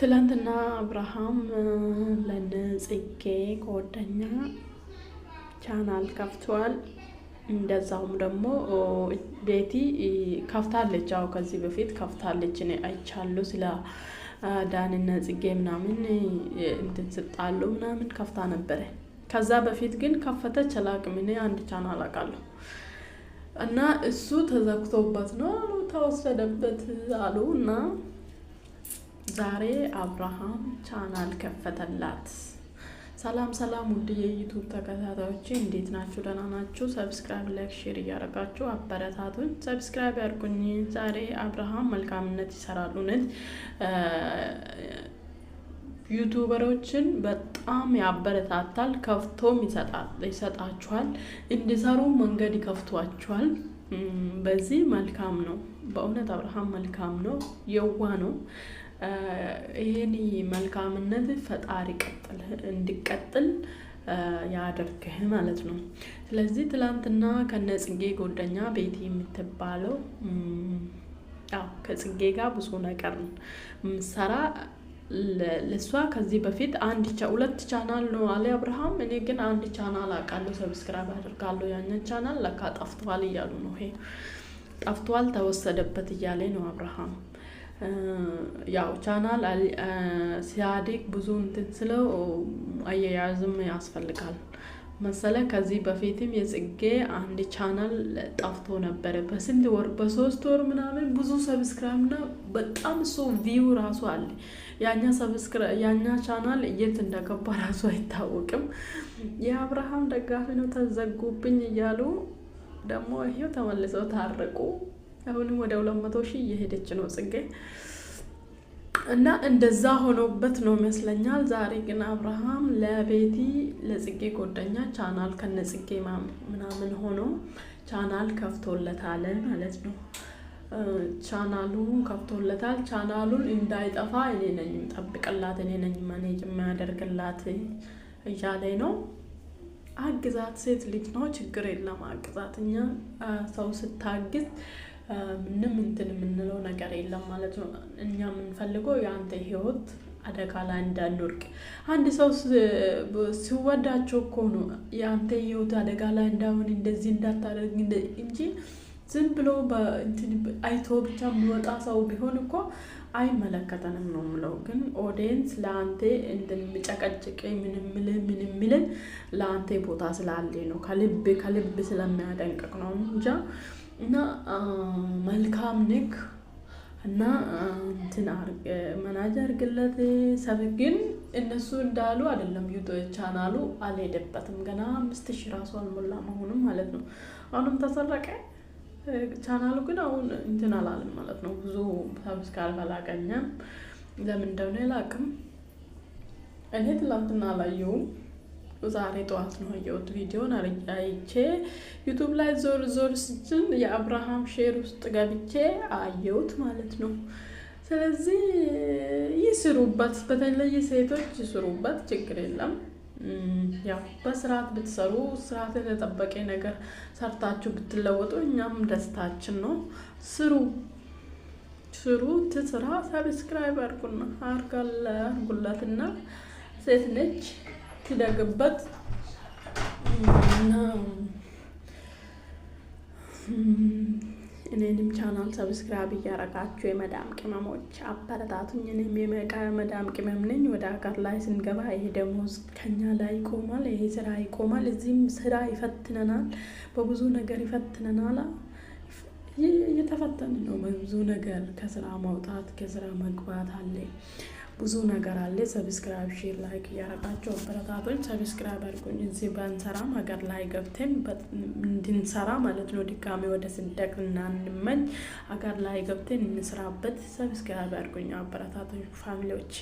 ትላንትና አብርሃም ለንጽጌ ጓደኛ ቻናል ከፍቷል። እንደዛውም ደግሞ ቤቲ ከፍታለች። አዎ ከዚህ በፊት ከፍታለች፣ እኔ አይቻሉ ስለ ዳንና ጽጌ ምናምን እንትን ስጣሉ ምናምን ከፍታ ነበረ። ከዛ በፊት ግን ከፈተች አላቅም። እኔ አንድ ቻናል አውቃለሁ እና እሱ ተዘግቶበት ነው ተወሰደበት አሉ እና ዛሬ አብርሃም ቻናል ከፈተላት። ሰላም ሰላም፣ ውድ የዩቱብ ተከታታዮች እንዴት ናችሁ? ደህና ናችሁ? ሰብስክራይብ፣ ላይክ፣ ሼር እያደረጋችሁ አበረታቱን። ሰብስክራይብ ያድርጉኝ። ዛሬ አብርሃም መልካምነት ይሰራሉ ነት ዩቱበሮችን በጣም ያበረታታል፣ ከፍቶም ይሰጣችኋል፣ እንዲሰሩ መንገድ ይከፍቷችኋል። በዚህ መልካም ነው። በእውነት አብርሃም መልካም ነው፣ የዋ ነው። ይህን መልካምነት ፈጣሪ ቀጥል እንዲቀጥል ያደርግህ ማለት ነው። ስለዚህ ትላንትና ከነ ጽጌ ጓደኛ ቤቲ የምትባለው ከጽጌ ጋር ብዙ ነገር ምሰራ ለእሷ ከዚህ በፊት አንድ ሁለት ቻናል ነው አለ አብርሃም። እኔ ግን አንድ ቻናል አውቃለሁ፣ ሰብስክራይብ አድርጋለሁ። ያንን ቻናል ለካ ጠፍቷል እያሉ ነው። ይሄ ጠፍቷል፣ ተወሰደበት እያለ ነው አብርሃም ያው ቻናል ሲያድግ ብዙ እንትን ስለው አያያዝም ያስፈልጋል መሰለ። ከዚህ በፊትም የጽጌ አንድ ቻናል ጠፍቶ ነበረ በስንት ወር በሶስት ወር ምናምን ብዙ ሰብስክራይብ ና በጣም ሶ ቪው ራሱ አለ። ያኛ ያኛ ቻናል የት እንደገባ ራሱ አይታወቅም። የአብርሃም ደጋፊ ነው ተዘጉብኝ እያሉ ደግሞ ይሄው ተመልሰው ታረቁ። አሁንም ወደ ሁለት መቶ ሺህ እየሄደች ነው ጽጌ እና እንደዛ ሆኖበት ነው ይመስለኛል። ዛሬ ግን አብርሃም ለቤቲ ለጽጌ ጎደኛ ቻናል ከነ ጽጌ ምናምን ሆኖ ቻናል ከፍቶለታል ማለት ነው። ቻናሉን ከፍቶለታል። ቻናሉን እንዳይጠፋ እኔ ነኝ ጠብቅላት፣ እኔ ነኝ ማኔጅ የሚያደርግላት እያለ ነው። አግዛት፣ ሴት ልጅ ነው ችግር የለም አግዛት። እኛ ሰው ስታግዝ ምንም እንትን የምንለው ነገር የለም ማለት ነው። እኛ የምንፈልገው የአንተ ህይወት አደጋ ላይ እንዳንወርቅ አንድ ሰው ሲወዳቸው እኮ ነው የአንተ ህይወት አደጋ ላይ እንዳይሆን እንደዚህ እንዳታደርግ እንጂ ዝም ብሎ አይቶ ብቻ የሚወጣ ሰው ቢሆን እኮ አይመለከተንም ነው ምለው። ግን ኦዲየንስ ለአንተ እንደሚጨቀጭቅ ምንምል ምንምልን ለአንተ ቦታ ስላለ ነው ከልብ ከልብ ስለሚያደንቅቅ ነው እንጃ እና መልካም ንክ እና እንትን መናጅ አርግለት ሰብ ግን እነሱ እንዳሉ አይደለም። ዩቶ ቻናሉ አልሄደበትም ገና አምስት ሺ ራሱ አልሞላ መሆኑም ማለት ነው። አሁንም ተሰረቀ ቻናሉ ግን አሁን እንትን አላለም ማለት ነው። ብዙ ሰብስክራይብ አላገኘም። ለምን እንደሆነ አላውቅም። እኔ ትላንትና አላየውም። ዛሬ ጠዋት ነው ያየሁት ቪዲዮን አይቼ ዩቱብ ላይ ዞር ዞር ስችን የአብርሃም ሼር ውስጥ ገብቼ አየሁት ማለት ነው። ስለዚህ ይስሩበት፣ በተለይ ሴቶች ይስሩበት፣ ችግር የለም። ያው በስርዓት ብትሰሩ ስርዓት የተጠበቀ ነገር ሰርታችሁ ብትለወጡ እኛም ደስታችን ነው። ስሩ ስሩ፣ ትስራ። ሰብስክራይብ አርጉና አርጋለ አርጉላትና ሴት ነች ትደግበት እና እኔንም ቻናል ሰብስክራይብ እያረጋችሁ የመዳም ቅመሞች አበረታቱኝ። እኔም መዳም ቅመም ነኝ። ወደ ሀገር ላይ ስንገባ ይሄ ደሞዝ ከኛ ላይ ይቆማል፣ ይሄ ስራ ይቆማል። እዚህም ስራ ይፈትነናል፣ በብዙ ነገር ይፈትነናል። እየተፈተን ነው በብዙ ነገር ከስራ መውጣት ከስራ መግባት አለ ብዙ ነገር አለ። ሰብስክራይብ፣ ሼር፣ ላይክ እያረጋቸው አበረታቶች ሰብስክራይብ አድርጉኝ። እዚህ ባንሰራም ሀገር ላይ ገብተን እንድንሰራ ማለት ነው። ድጋሚ ወደ ስደቅ እናንመኝ ሀገር ላይ ገብተን እንስራበት። ሰብስክራይብ አድርጉኝ አበረታቶች ፋሚሊዎች